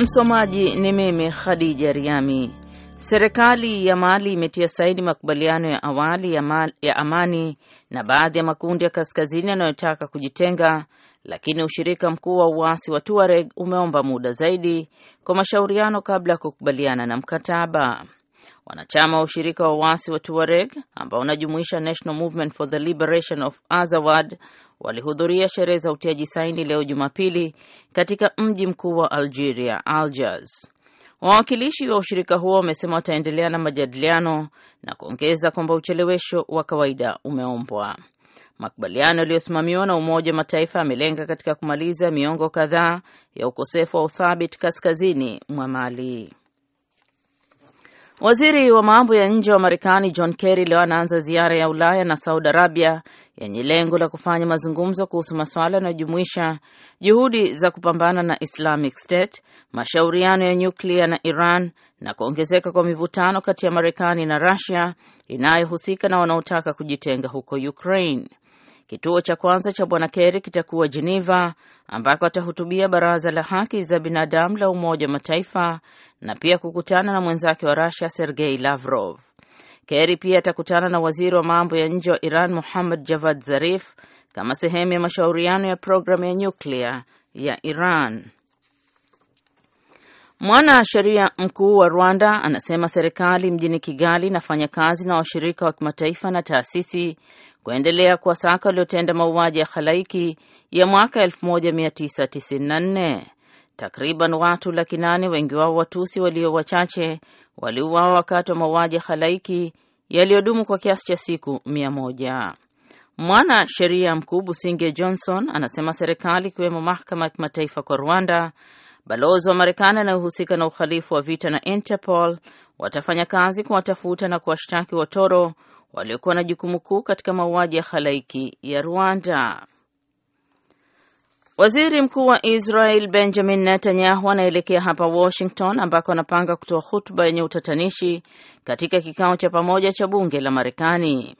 Msomaji ni mimi Khadija Riami. Serikali ya Mali imetia saini makubaliano ya awali ya, Mali, ya amani na baadhi ya makundi ya kaskazini yanayotaka kujitenga, lakini ushirika mkuu wa uasi wa Tuareg umeomba muda zaidi kwa mashauriano kabla ya kukubaliana na mkataba. Wanachama wa ushirika wa uasi wa Tuareg ambao unajumuisha National Movement for the Liberation of Azawad walihudhuria sherehe za utiaji saini leo Jumapili katika mji mkuu wa Algeria, Algiers. Wawakilishi wa ushirika huo wamesema wataendelea na majadiliano na kuongeza kwamba uchelewesho wa kawaida umeombwa. Makubaliano yaliyosimamiwa na Umoja wa Mataifa yamelenga katika kumaliza miongo kadhaa ya ukosefu wa uthabiti kaskazini mwa Mali. Waziri wa mambo ya nje wa Marekani John Kerry leo anaanza ziara ya Ulaya na Saudi Arabia yenye lengo la kufanya mazungumzo kuhusu masuala yanayojumuisha juhudi za kupambana na Islamic State, mashauriano ya nyuklia na Iran na kuongezeka kwa mivutano kati ya Marekani na Russia inayohusika na wanaotaka kujitenga huko Ukraine. Kituo cha kwanza cha Bwana Kerry kitakuwa Geneva ambako atahutubia Baraza la Haki za Binadamu la Umoja wa Mataifa na pia kukutana na mwenzake wa rasia Sergei Lavrov. Kerry pia atakutana na waziri wa mambo ya nje wa Iran Muhammad Javad Zarif kama sehemu ya mashauriano ya programu ya nyuklia ya Iran. Mwana sheria mkuu wa Rwanda anasema serikali mjini Kigali inafanya kazi na washirika wa kimataifa na taasisi kuendelea kuwasaka waliotenda mauaji ya halaiki ya mwaka 1994. Takriban watu laki nane, wengi wao Watusi walio wachache, waliuawa wakati wa mauaji ya halaiki yaliyodumu kwa kiasi cha siku mia moja. Mwana sheria mkuu Businge Johnson anasema serikali ikiwemo mahakama ya kimataifa kwa Rwanda Balozi wa Marekani anayohusika na uhalifu wa vita na Interpol watafanya kazi kuwatafuta na kuwashtaki watoro waliokuwa na jukumu kuu katika mauaji ya halaiki ya Rwanda. Waziri Mkuu wa Israel Benjamin Netanyahu anaelekea hapa Washington ambako anapanga kutoa hutuba yenye utatanishi katika kikao cha pamoja cha bunge la Marekani.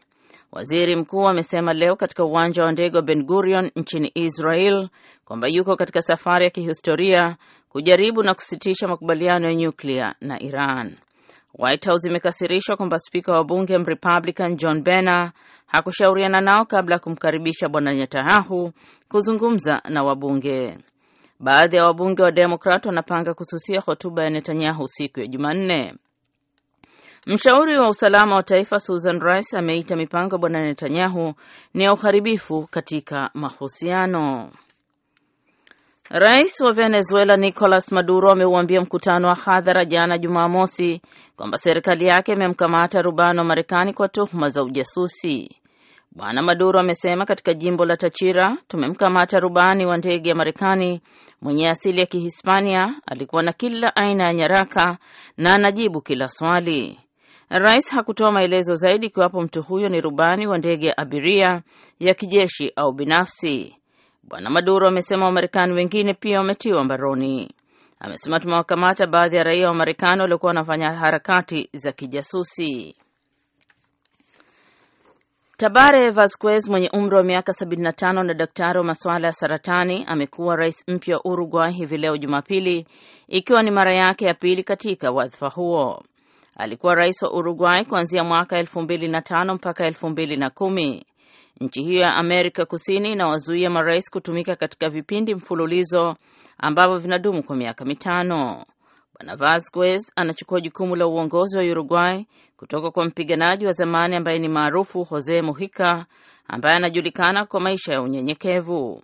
Waziri mkuu amesema leo katika uwanja wa ndege wa Ben Gurion nchini Israel kwamba yuko katika safari ya kihistoria kujaribu na kusitisha makubaliano ya nyuklia na Iran. White House imekasirishwa kwamba spika wa bunge Mrepublican John Boehner hakushauriana nao kabla ya kumkaribisha bwana Netanyahu kuzungumza na wabunge. Baadhi ya wabunge wa Demokrat wanapanga kususia hotuba ya Netanyahu siku ya Jumanne. Mshauri wa usalama wa taifa Susan Rice ameita mipango ya bwana Netanyahu ni ya uharibifu katika mahusiano. Rais wa Venezuela Nicolas Maduro ameuambia mkutano wa hadhara jana Jumamosi kwamba serikali yake imemkamata rubani wa Marekani kwa tuhuma za ujasusi. Bwana Maduro amesema katika jimbo la Tachira, tumemkamata rubani wa ndege ya Marekani mwenye asili ya Kihispania, alikuwa na kila aina ya nyaraka na anajibu kila swali. Rais hakutoa maelezo zaidi ikiwapo mtu huyo ni rubani wa ndege ya abiria ya kijeshi au binafsi. Bwana Maduro amesema Wamarekani wengine pia wametiwa mbaroni. Amesema tumewakamata baadhi ya raia wa Marekani waliokuwa wanafanya harakati za kijasusi. Tabare Vasquez mwenye umri wa miaka 75 na daktari wa masuala ya saratani amekuwa rais mpya wa Uruguay hivi leo Jumapili, ikiwa ni mara yake ya pili katika wadhifa huo. Alikuwa rais wa Uruguay kuanzia mwaka elfu mbili na tano mpaka elfu mbili na kumi. Nchi hiyo ya Amerika Kusini inawazuia marais kutumika katika vipindi mfululizo ambavyo vinadumu kwa miaka mitano. Bwana Vasquez anachukua jukumu la uongozi wa Uruguay kutoka kwa mpiganaji wa zamani ambaye ni maarufu Jose Mujica ambaye anajulikana kwa maisha ya unyenyekevu.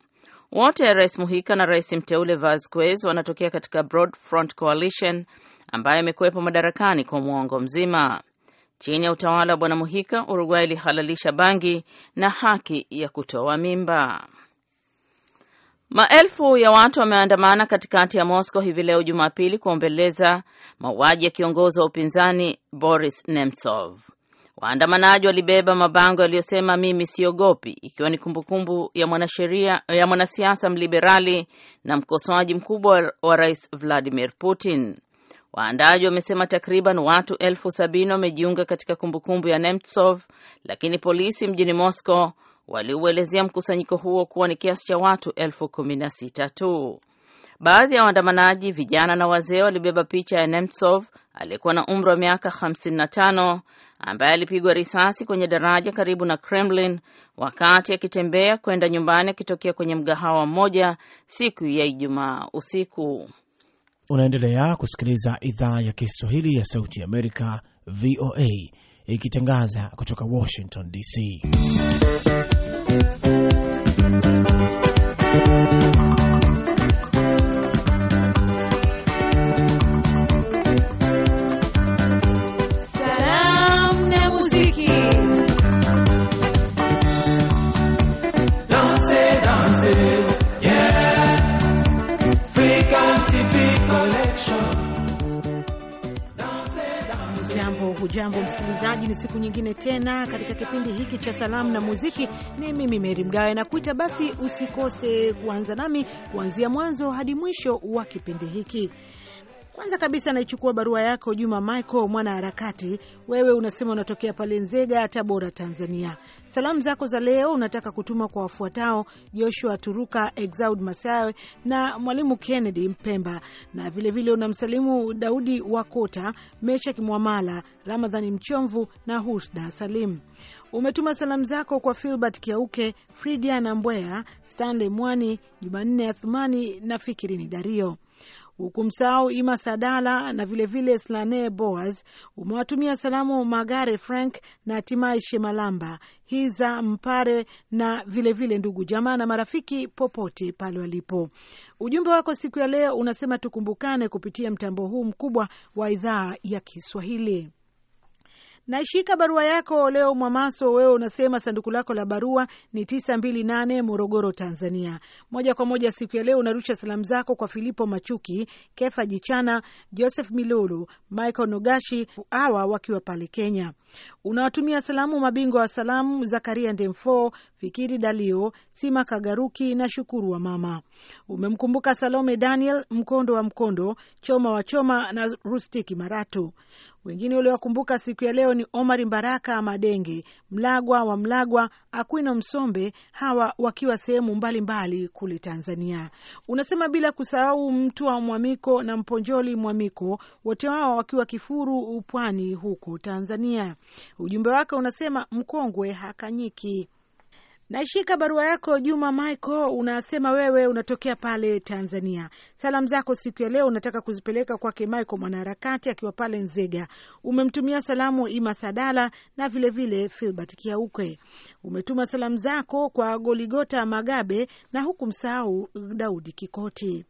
Wote Rais Mujica na rais mteule Vasquez wanatokea katika Broad Front Coalition ambaye amekuwepo madarakani kwa mwongo mzima. Chini ya utawala wa bwana Muhika, Uruguay ilihalalisha bangi na haki ya kutoa mimba. Maelfu ya watu wameandamana katikati ya Moscow hivi leo Jumapili kuombeleza mauaji ya kiongozi wa upinzani Boris Nemtsov. Waandamanaji walibeba mabango yaliyosema mimi siogopi, ikiwa ni kumbukumbu ya mwanasheria ya mwanasiasa mliberali na mkosoaji mkubwa wa rais Vladimir Putin waandaji wamesema takriban watu elfu sabini wamejiunga katika kumbukumbu ya Nemtsov, lakini polisi mjini Moscow waliuelezea mkusanyiko huo kuwa ni kiasi cha watu elfu kumi na sita tu. Baadhi ya waandamanaji vijana na wazee walibeba picha ya Nemtsov aliyekuwa na umri wa miaka 55 ambaye alipigwa risasi kwenye daraja karibu na Kremlin wakati akitembea kwenda nyumbani akitokea kwenye mgahawa mmoja siku ya Ijumaa usiku. Unaendelea kusikiliza idhaa ya Kiswahili ya Sauti ya Amerika, VOA, ikitangaza kutoka Washington DC. Hujambo msikilizaji, ni siku nyingine tena katika kipindi hiki cha salamu na muziki. Ni mimi Meri Mgawe na kuita, basi usikose kuanza nami kuanzia mwanzo hadi mwisho wa kipindi hiki. Kwanza kabisa naichukua barua yako Juma Michael harakati Wewe unasema unatokea pale Nzega, Tabora, Tanzania. Salamu zako za leo unataka kutuma kwa wafuatao: Joshua Turuka, Exaud Masawe na Mwalimu Kennedy Mpemba, na vilevile unamsalimu Daudi Wakota, Meshak Kimwamala, Ramadhani Mchomvu na Husda Salim. Umetuma salamu zako kwa Filbert Kiauke, Fridiana Mbwea, Stanley Mwani, Jumanne Athumani na Fikirini Dario huku msahau Ima Sadala na vilevile Slane Boas. Umewatumia salamu Magare Frank na Timai Shemalamba Hiza Mpare na vilevile vile ndugu jamaa na marafiki popote pale walipo. Ujumbe wako siku ya leo unasema tukumbukane kupitia mtambo huu mkubwa wa idhaa ya Kiswahili. Naishika barua yako leo Mwamaso. Wewe unasema sanduku lako la barua ni nane Morogoro, Tanzania. Moja kwa moja siku ya leo unarusha salamu zako kwa Filipo Machuki, Kefa Jichana, Joseph Milulu, Michael Nogashi, awa wakiwa pale Kenya. Unawatumia salamu mabingwa wa salamu Zakaria Ndemfo, Fikiri Dalio, Sima Kagaruki na Shukuru wa Mama. Umemkumbuka Salome Daniel, Mkondo wa Mkondo, Choma wa Choma na Rustiki Maratu. Wengine uliowakumbuka siku ya leo ni Omari Mbaraka Madenge, Mlagwa wa Mlagwa, Akwino Msombe, hawa wakiwa sehemu mbalimbali kule Tanzania. Unasema bila kusahau mtu wa Mwamiko na Mponjoli Mwamiko, wote wao wakiwa Kifuru Upwani huko Tanzania. Ujumbe wake unasema mkongwe hakanyiki. Naishika barua yako Juma Michael, unasema wewe unatokea pale Tanzania. Salamu zako siku ya leo unataka kuzipeleka kwake Michael mwanaharakati akiwa pale Nzega. Umemtumia salamu Ima Sadala na vilevile Filbert Kiauke. Umetuma salamu zako kwa Goligota Magabe na huku msahau Daudi Kikoti.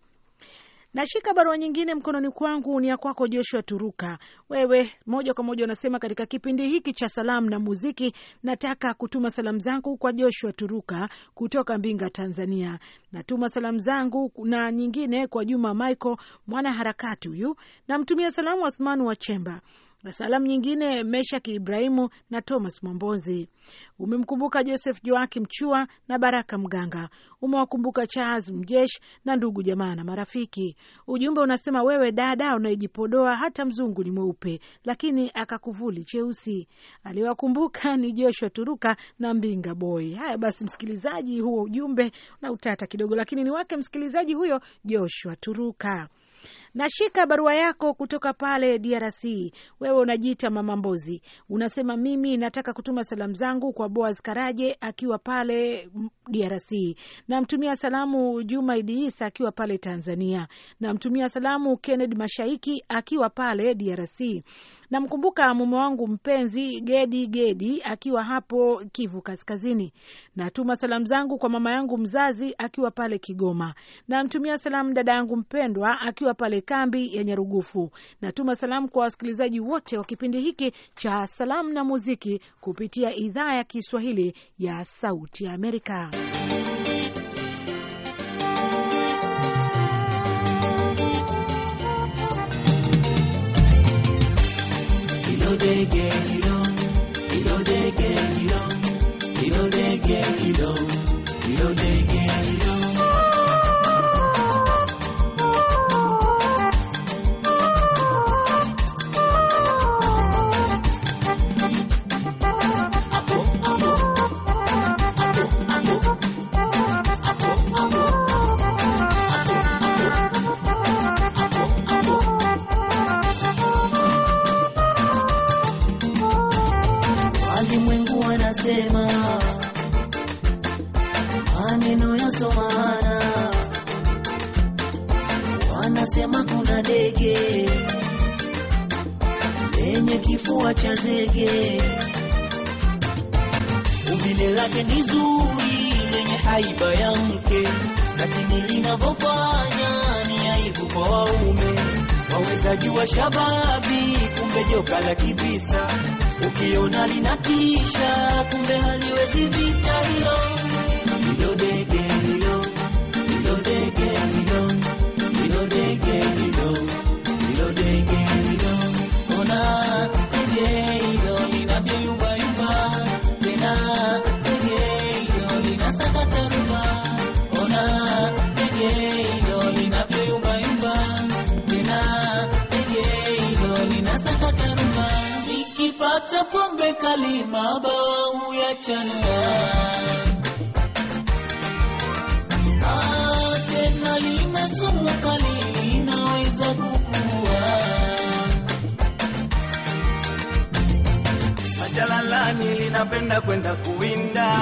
Nashika barua nyingine mkononi kwangu, ni ya kwako Joshua Turuka. Wewe moja kwa moja unasema katika kipindi hiki cha salamu na muziki, nataka kutuma salamu zangu kwa Joshua Turuka kutoka Mbinga, Tanzania. Natuma salamu zangu na nyingine kwa Juma Michael, mwanaharakati huyu. Namtumia salamu Athmani wa Chemba, na salamu nyingine Meshak Ibrahimu na Thomas Mwambozi. Umemkumbuka Joseph Joaki Mchua na Baraka Mganga. Umewakumbuka Charles Mjesh na ndugu jamaa na marafiki. Ujumbe unasema wewe dada unayejipodoa hata mzungu ni mweupe, lakini akakuvuli cheusi. Aliwakumbuka ni Joshua Turuka na Mbinga Boy. Haya basi, msikilizaji, huo ujumbe na utata kidogo, lakini ni wake msikilizaji huyo Joshua Turuka. Nashika barua yako kutoka pale DRC. Wewe unajiita Mama Mbozi, unasema mimi nataka kutuma salamu zangu kwa Boaz Karaje akiwa pale DRC, namtumia salamu Juma Idiisa akiwa pale Tanzania, namtumia salamu Kennedy Mashaiki akiwa pale DRC, namkumbuka mume wangu mpenzi Gedi Gedi akiwa hapo Kivu Kaskazini. Natuma salamu zangu kwa mama yangu mzazi akiwa pale Kigoma, namtumia salamu dada yangu mpendwa akiwa pale kule kambi ya Nyarugufu. Natuma salamu kwa wasikilizaji wote wa kipindi hiki cha salamu na muziki kupitia idhaa ya Kiswahili ya Sauti ya Amerika. lenye kifua cha zege. Umbile lake ni zuri lenye haiba ya mke, lakini linavyofanya ni aibu kwa waume. Waweza jua shababi, kumbe joka la kibisa. Ukiona linatisha, kumbe haliwezi vita hilo. Hilo dege hilo, hilo dege hilo, hilo dege hilo, hilo dege hilo kona ije hilo linavyoyumbayumba nikipata pombe kali mabau ya chanua ah, tena limesumu kali linaweza ku anapenda kwenda kuwinda,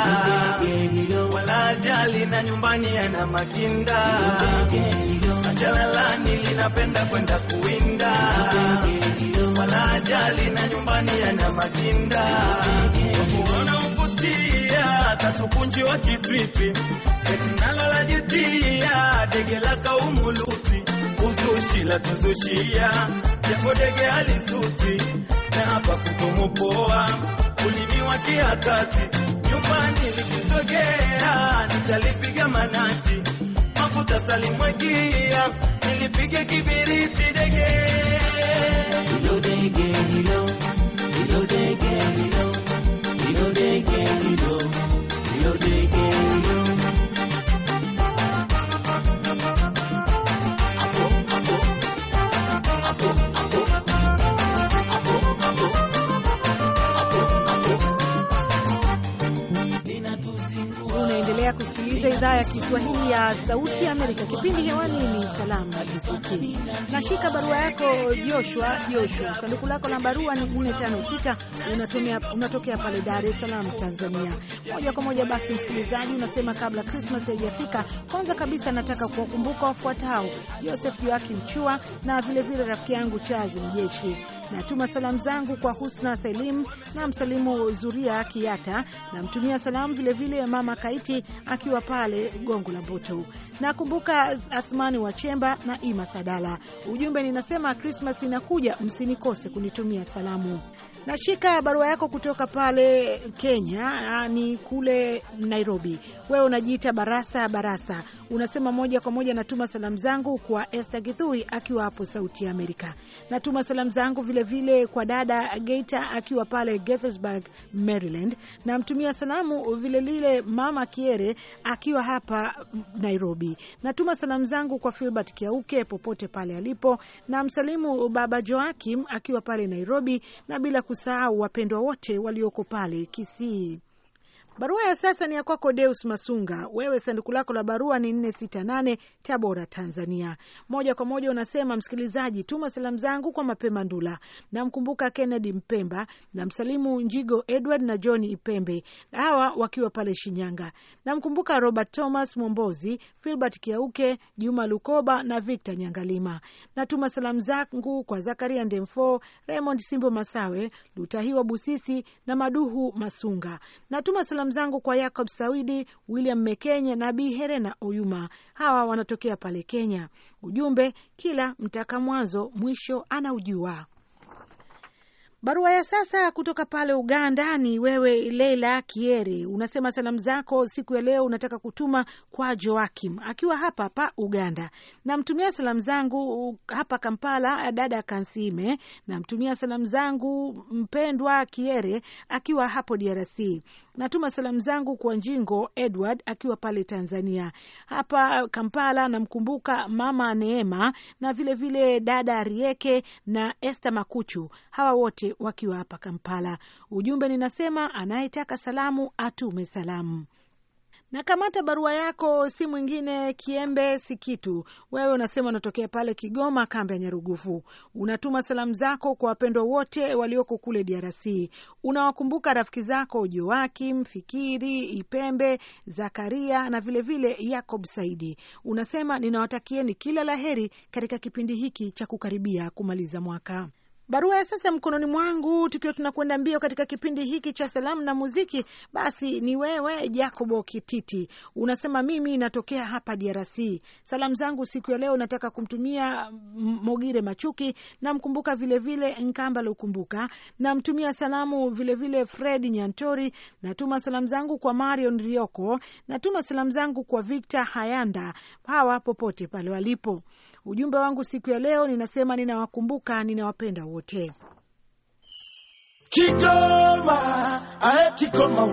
wala jali na nyumbani ana makinda. Jalalani linapenda kwenda kuwinda, wala ajali na nyumbani ana makinda. Kuona ukutia tasukunji wa kitwipi, eti jitia dege la kaumulupi, uzushi la tuzushia, japo dege alisuti na hapa kutomupoa kulimiwa kia kati, nyumbani nikusogea, nitalipiga manati, mafuta salimwagia, nilipige kibiriti dege hilo dege hilo hilo dege hilo hilo dege hilo Stay idhaa ya Kiswahili ya Sauti ya Amerika. Kipindi hewani ni salamu na muziki. Nashika barua yako Joshua. Joshua, sanduku lako la barua ni 456 unatumia, unatokea pale Dar es Salaam, Tanzania. Moja kwa moja basi, msikilizaji, unasema kabla Krismas haijafika, kwanza kabisa nataka kuwakumbuka wafuatao: Joseph Joakim Mchua na vilevile rafiki yangu Chazi Mjeshi. Natuma salamu zangu kwa Husna Salim na msalimu Zuria Kiata, namtumia salamu vilevile vile mama Kaiti akiwa pale pale Gongo la Mboto. Nakumbuka Asmani Wachemba na Ima Sadala, ujumbe ninasema Krismas inakuja, msinikose kunitumia salamu. Nashika barua yako kutoka pale Kenya, ah, ni kule Nairobi. Wewe unajiita Barasa Barasa, unasema moja kwa moja natuma salamu zangu kwa Esther Githui akiwa hapo Sauti ya Amerika. Natuma salamu zangu vilevile kwa dada Geita akiwa pale Gaithersburg, Maryland. Namtumia salamu vilevile mama Kiere akiwa nikiwa hapa Nairobi. Natuma salamu zangu kwa Filbert Kiauke popote pale alipo, na msalimu baba Joakim akiwa pale Nairobi, na bila kusahau wapendwa wote walioko pale Kisii. Barua ya sasa ni ya kwako Deus Masunga. Wewe sanduku lako la barua ni 468 Tabora, Tanzania. Moja kwa moja unasema, msikilizaji, tuma salamu zangu kwa Mapema Ndula, namkumbuka Kennedy Mpemba na msalimu Njigo Edward na John Ipembe, hawa wakiwa pale Shinyanga. Namkumbuka Robert Thomas Mwombozi, Filbert Kiauke, Juma Lukoba na Victor Nyangalima. Natuma salamu zangu kwa Zakaria Ndemfo, Raymond Simbo Masawe, Lutahiwa Busisi na Maduhu Masunga. Natuma salamu Salamu zangu kwa yacob Sawidi, William Mekenye na Bi Herena Oyuma, hawa wanatokea pale Kenya. Ujumbe, kila mtaka mwanzo mwisho anaujua. Barua ya sasa kutoka pale Uganda ni wewe Leila Kieri, unasema salamu zako siku ya leo unataka kutuma kwa Joakim akiwa hapa hapa Uganda. Namtumia salamu zangu hapa Kampala dada Kansime, namtumia salamu zangu mpendwa Kiere akiwa hapo DRC. Natuma salamu zangu kwa Njingo Edward akiwa pale Tanzania. Hapa Kampala namkumbuka mama Neema na vilevile vile dada Rieke na Esther Makuchu, hawa wote wachache wakiwa hapa Kampala. Ujumbe ninasema, anayetaka salamu atume salamu. nakamata barua yako, si mwingine Kiembe Sikitu. Wewe unasema unatokea pale Kigoma, kambi ya Nyarugufu. Unatuma salamu zako kwa wapendwa wote walioko kule DRC. Unawakumbuka rafiki zako Joakim Fikiri, Ipembe Zakaria na vilevile vile Yakob Saidi. Unasema ninawatakieni kila laheri katika kipindi hiki cha kukaribia kumaliza mwaka barua ya sasa mkononi mwangu, tukiwa tunakwenda mbio katika kipindi hiki cha salamu na muziki. Basi ni wewe Jacobo Kititi, unasema mimi natokea hapa DRC. Salamu zangu siku ya leo nataka kumtumia Mogire Machuki, namkumbuka vilevile Nkamba Lukumbuka, namtumia salamu vilevile vile Fred Nyantori, natuma salamu zangu kwa Marion Rioko, natuma salamu zangu kwa Victor Hayanda, hawa popote pale walipo Ujumbe wangu siku ya leo ninasema, ninawakumbuka, ninawapenda wote. Kikoma, ae, kikoma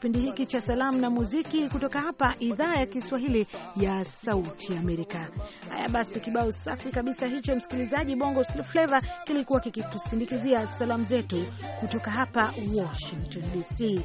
kipindi hiki cha salamu na muziki kutoka hapa idhaa ya Kiswahili ya Sauti Amerika. Haya basi, kibao safi kabisa hicho, msikilizaji. Bongo Flava kilikuwa kikitusindikizia salamu zetu kutoka hapa Washington DC.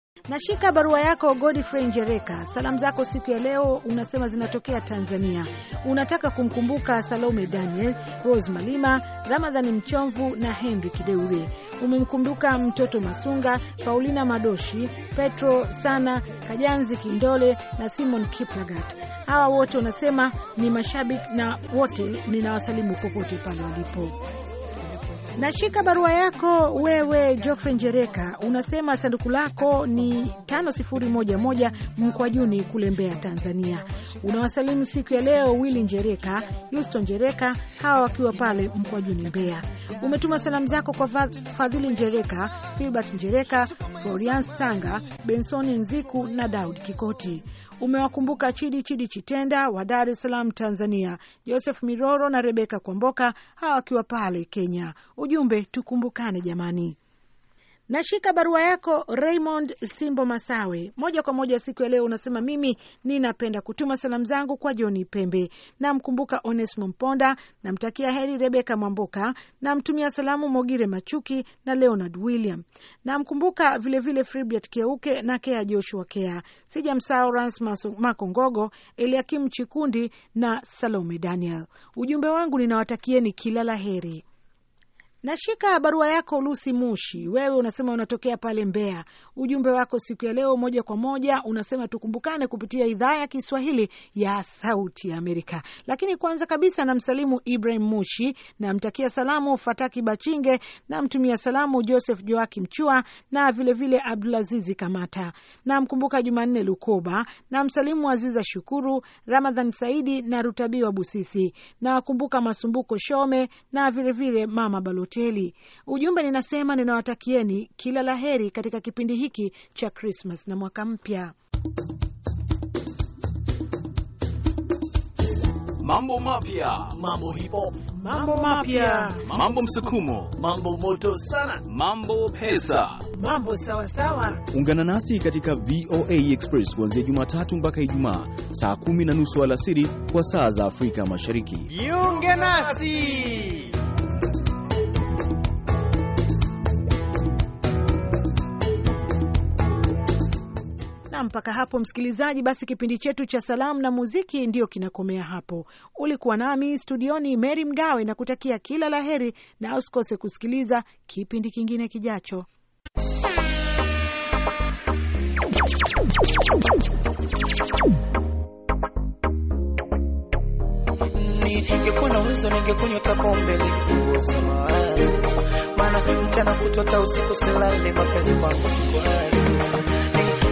Nashika barua yako Godfrey Njereka. Salamu zako siku ya leo unasema zinatokea Tanzania. Unataka kumkumbuka Salome Daniel, Rose Malima, Ramadhani Mchomvu na Henry Kideure. Umemkumbuka mtoto Masunga, Paulina Madoshi, Petro Sana, Kajanzi Kindole na Simon Kiplagat. Hawa wote unasema ni mashabiki na wote ninawasalimu popote pale walipo. Nashika barua yako wewe Geoffrey Njereka, unasema sanduku lako ni 5011 Mkwajuni kule Mbeya, Tanzania. Unawasalimu siku ya leo Willi Njereka, Houston Njereka, hawa wakiwa pale Mkwajuni Mbeya. Umetuma salamu zako kwa Fadhili Njereka, Filbert Njereka, Florian Sanga, Bensoni Nziku na Daud Kikoti umewakumbuka Chidi Chidi Chitenda wa Dar es Salaam, Tanzania, Joseph Miroro na Rebeka Kwamboka, hawa wakiwa pale Kenya. Ujumbe, tukumbukane jamani. Nashika barua yako Raymond Simbo Masawe, moja kwa moja siku ya leo. Unasema mimi ninapenda kutuma salamu zangu kwa Joni Pembe, namkumbuka onesimo Mponda, namtakia heri Rebeka Mwamboka, namtumia salamu Mogire Machuki na Leonard William, namkumbuka vilevile Fribiat Keuke na Kea Joshua Kea, msao Rans Makongogo, Eliakim Chikundi na Salome Daniel. Ujumbe wangu ninawatakieni kila la heri. Nashika barua yako Lusi Mushi, wewe unasema unatokea pale Mbeya. Ujumbe wako siku ya leo moja kwa moja unasema tukumbukane kupitia idhaa ya Kiswahili ya Sauti ya Amerika. Lakini kwanza kabisa namsalimu Ibrahim Mushi, namtakia salamu Fataki Bachinge, namtumia salamu Joseph Joaki Mchua na vilevile Abdulazizi Kamata, namkumbuka Jumanne Lukoba, namsalimu Aziza Shukuru, Ramadhan Saidi na Rutabiwa Busisi, nawakumbuka Masumbuko Shome na vilevile vile Mama Baloti hoteli. Ujumbe ninasema ninawatakieni kila laheri katika kipindi hiki cha Krismas na mwaka mpya. Mambo mapya, mambo hip hop, mambo mapya, mambo msukumo, mambo moto sana, mambo pesa, mambo sawasawa. Ungana nasi katika VOA Express kuanzia Jumatatu mpaka Ijumaa saa kumi na nusu alasiri kwa saa za Afrika Mashariki. Jiunge nasi. mpaka hapo, msikilizaji, basi kipindi chetu cha salamu na muziki ndiyo kinakomea hapo. Ulikuwa nami studioni Meri Mgawe na kutakia kila la heri, na usikose kusikiliza kipindi kingine kijacho. Ningekuwa na uwezo ningekunywa maana mchana kutwa usiku silali, mapenzi kwangu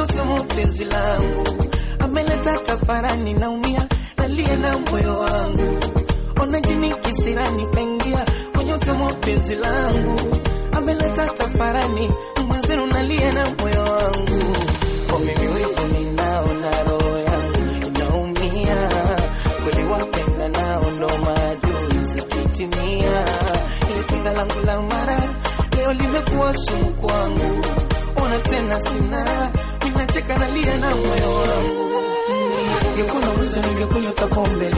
nyuso mpenzi langu, ameleta tafarani, naumia nalia na moyo wangu, ona jini kisirani pengia kwenye mpenzi langu, ameleta tafarani, mwenzenu nalia na moyo wangu, kwa mimi wewe ninaona roho yangu inaumia kweli, wapenda nao ndo maadui zikitimia, ile tunda langu la mara leo limekuwa sumu kwangu, ona tena sina nacheka nalia na moyo wangu, ningekuwa naweza ningekunywa pombe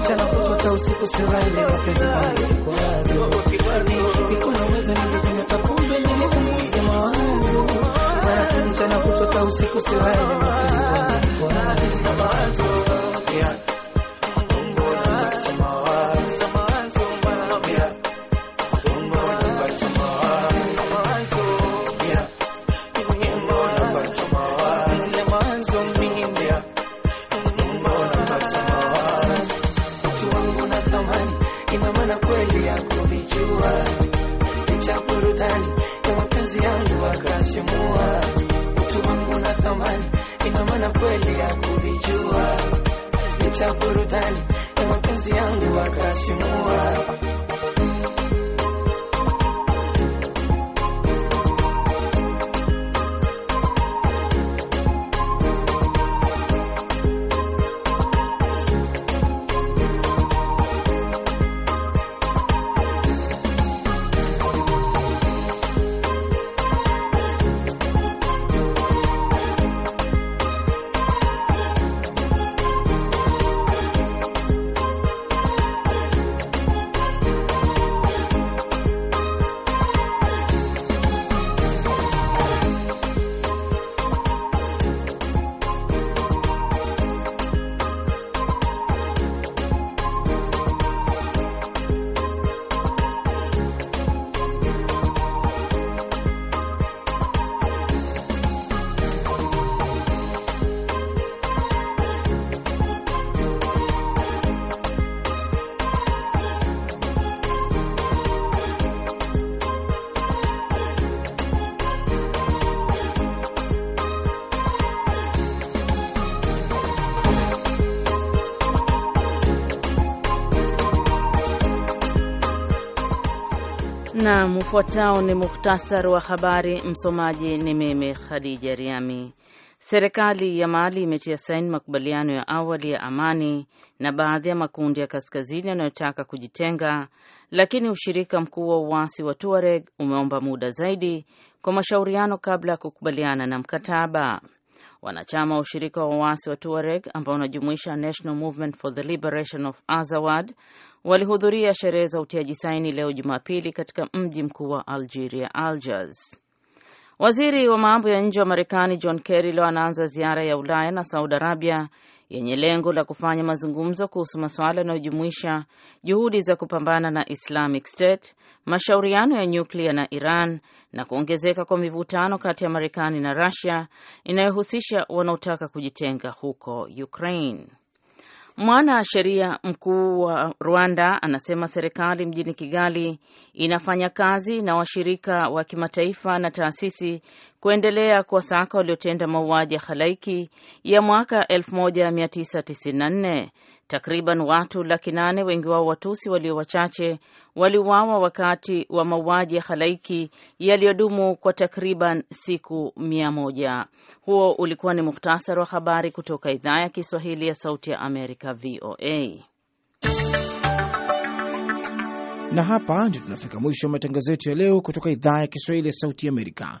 mchana kutwa hata usiku silale, mapenzi yangu kwazo, ningekuwa naweza ningekunywa pombe mchana kutwa hata usiku silale, mapenzi yangu kwazo Naam, ufuatao ni muhtasari wa habari. Msomaji ni mimi Khadija Riami. Serikali ya Mali imetia saini makubaliano ya awali ya amani na baadhi ya makundi ya kaskazini yanayotaka kujitenga, lakini ushirika mkuu wa uasi wa Tuareg umeomba muda zaidi kwa mashauriano kabla ya kukubaliana na mkataba. Wanachama wa ushirika wa uasi wa Tuareg ambao unajumuisha National Movement for the Liberation of Azawad walihudhuria sherehe za utiaji saini leo Jumapili katika mji mkuu wa Algeria, Algiers. Waziri wa mambo ya nje wa Marekani John Kerry leo anaanza ziara ya Ulaya na Saudi Arabia yenye lengo la kufanya mazungumzo kuhusu masuala yanayojumuisha juhudi za kupambana na Islamic State, mashauriano ya nyuklia na Iran na kuongezeka kwa mivutano kati ya Marekani na rasia inayohusisha wanaotaka kujitenga huko Ukraine. Mwana sheria mkuu wa Rwanda anasema serikali mjini Kigali inafanya kazi na washirika wa kimataifa na taasisi kuendelea kuwasaka waliotenda mauaji ya halaiki ya mwaka 1994 Takriban watu laki nane, wengi wao Watusi walio wachache, waliuawa wakati wa mauaji ya halaiki yaliyodumu kwa takriban siku mia moja. Huo ulikuwa ni muhtasari wa habari kutoka idhaa ya Kiswahili ya Sauti ya Amerika, VOA. Na hapa ndio tunafika mwisho wa matangazo yetu ya leo kutoka idhaa ya Kiswahili ya Sauti Amerika.